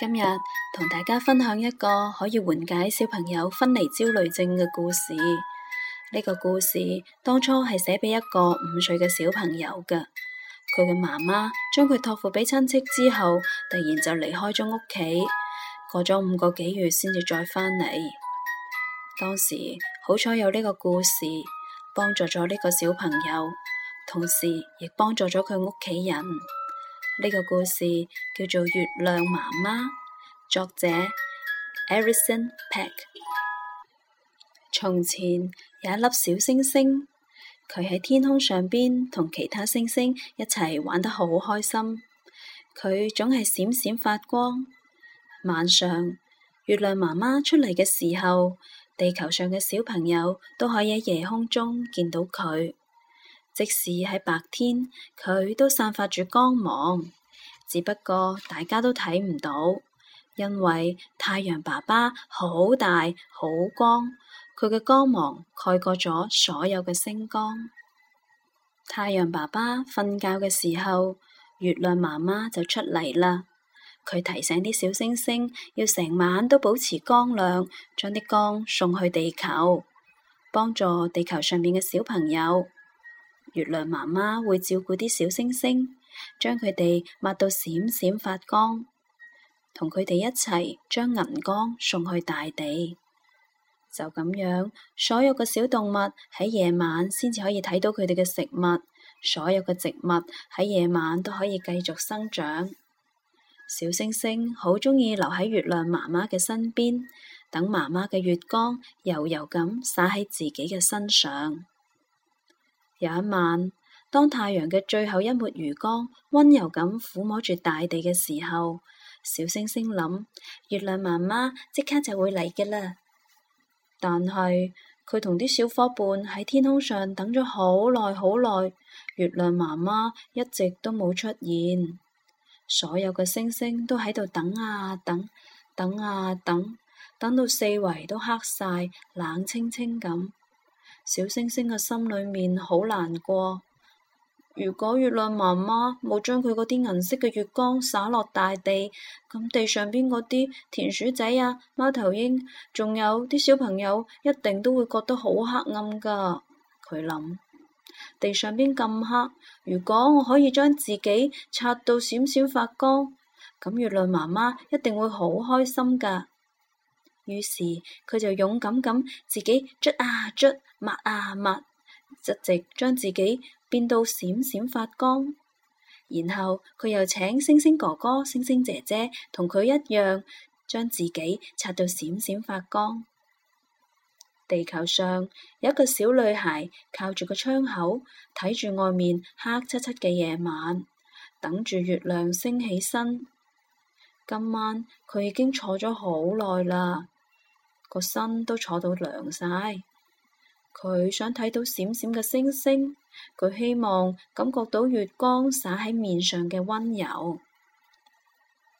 今日同大家分享一個可以緩解小朋友分離焦慮症嘅故事。呢個故事當初係寫俾一個五歲嘅小朋友嘅，佢嘅媽媽將佢托付俾親戚之後，突然就離開咗屋企，過咗五個幾月先至再返嚟。當時好彩有呢個故事幫助咗呢個小朋友，同時亦幫助咗佢屋企人。呢個故事叫做《月亮媽媽》，作者蘇珊佩羅。從前有一粒小星星，佢喺天空上邊同其他星星一齊玩得好開心。佢總係閃閃發光。晚上月亮媽媽出嚟嘅時候，地球上嘅小朋友都可以喺夜空中見到佢。即使喺白天，佢都散發住光芒。只不過大家都睇唔到，因為太陽爸爸好大好光，佢嘅光芒蓋過咗所有嘅星光。太陽爸爸瞓覺嘅時候，月亮媽媽就出嚟啦。佢提醒啲小星星要成晚都保持光亮，將啲光送去地球，幫助地球上邊嘅小朋友。月亮媽媽會照顧啲小星星。將佢哋抹到閃閃發光，同佢哋一齊將銀光送去大地。就咁樣，所有嘅小動物喺夜晚先至可以睇到佢哋嘅食物，所有嘅植物喺夜晚都可以繼續生長。小星星好鍾意留喺月亮媽媽嘅身邊，等媽媽嘅月光柔柔咁灑喺自己嘅身上。有一晚，當太陽嘅最後一抹餘光温柔咁撫摸住大地嘅時候，小星星諗：月亮媽媽即刻就會嚟嘅啦。但係佢同啲小伙伴喺天空上等咗好耐好耐，月亮媽媽一直都冇出現。所有嘅星星都喺度等啊等，等啊等，等到四圍都黑晒，冷清清咁。小星星嘅心裏面好難過。如果月亮媽媽冇將佢嗰啲銀色嘅月光灑落大地，咁地上邊嗰啲田鼠仔啊、貓頭鷹，仲有啲小朋友，一定都會覺得好黑暗噶。佢諗地上邊咁黑，如果我可以將自己擦到閃閃發光，咁月亮媽媽一定會好開心噶。於是佢就勇敢咁自己捽啊捽，抹啊抹。直直將自己變到閃閃發光，然後佢又請星星哥哥、星星姐姐同佢一樣，將自己擦到閃閃發光。地球上有一個小女孩靠住個窗口睇住外面黑漆漆嘅夜晚，等住月亮升起身。今晚佢已經坐咗好耐啦，個身都坐到涼晒。佢想睇到閃閃嘅星星，佢希望感覺到月光灑喺面上嘅溫柔。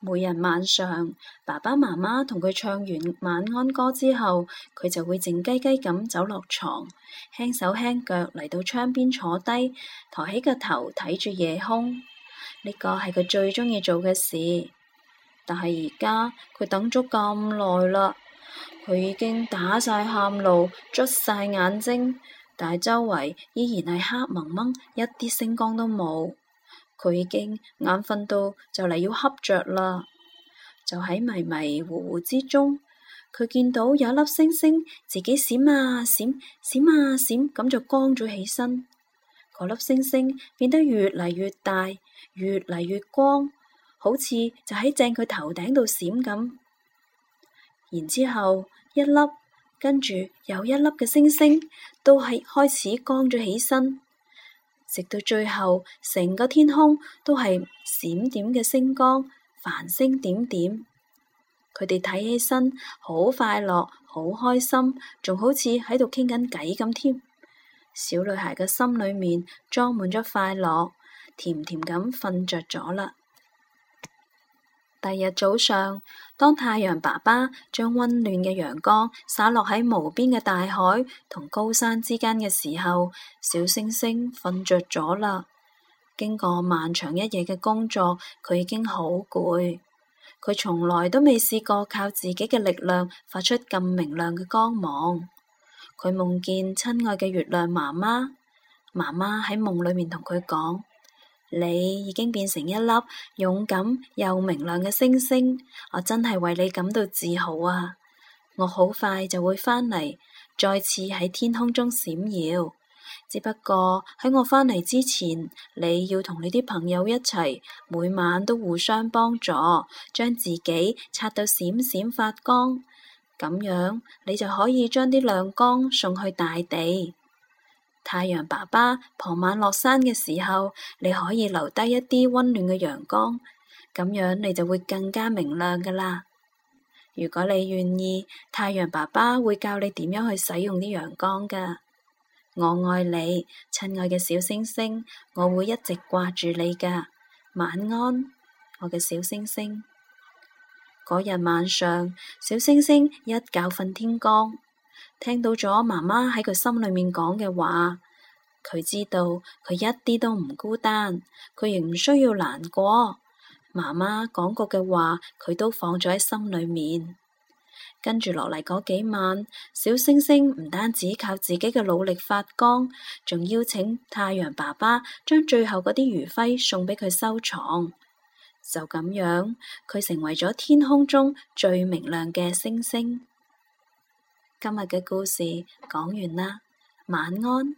每日晚上，爸爸媽媽同佢唱完晚安歌之後，佢就會靜雞雞咁走落床，輕手輕腳嚟到窗邊坐低，抬起個頭睇住夜空。呢個係佢最鍾意做嘅事。但係而家佢等咗咁耐啦。佢已經打晒喊露，捽晒眼睛，但係周圍依然係黑蒙蒙，一啲星光都冇。佢已經眼瞓到就嚟要瞌着啦，就喺迷迷糊糊之中，佢見到有粒星星自己閃啊閃，閃啊閃，咁、啊、就光咗起身。嗰粒星星變得越嚟越大，越嚟越光，好似就喺正佢頭頂度閃咁。然之後，一粒跟住又一粒嘅星星，都係開始光咗起身，直到最後，成個天空都係閃點嘅星光，繁星點點。佢哋睇起身好快樂，好開心，仲好似喺度傾緊偈咁添。小女孩嘅心裏面裝滿咗快樂，甜甜咁瞓着咗啦。第二日早上。當太陽爸爸將溫暖嘅陽光灑落喺無邊嘅大海同高山之間嘅時候，小星星瞓着咗啦。經過漫長一夜嘅工作，佢已經好攰。佢從來都未試過靠自己嘅力量發出咁明亮嘅光芒。佢夢見親愛嘅月亮媽媽，媽媽喺夢裏面同佢講。你已經變成一粒勇敢又明亮嘅星星，我真係為你感到自豪啊！我好快就會返嚟，再次喺天空中閃耀。只不過喺我返嚟之前，你要同你啲朋友一齊，每晚都互相幫助，將自己擦到閃閃發光。咁樣你就可以將啲亮光送去大地。太陽爸爸，傍晚落山嘅時候，你可以留低一啲溫暖嘅陽光，咁樣你就會更加明亮噶啦。如果你願意，太陽爸爸會教你點樣去使用啲陽光噶。我愛你，親愛嘅小星星，我會一直掛住你噶。晚安，我嘅小星星。嗰日晚上，小星星一覺瞓天光。聽到咗媽媽喺佢心裏面講嘅話，佢知道佢一啲都唔孤單，佢亦唔需要難過。媽媽講過嘅話，佢都放咗喺心裏面。跟住落嚟嗰幾晚，小星星唔單止靠自己嘅努力發光，仲邀請太陽爸爸將最後嗰啲餘暉送俾佢收藏。就咁樣，佢成為咗天空中最明亮嘅星星。今日嘅故事講完啦，晚安。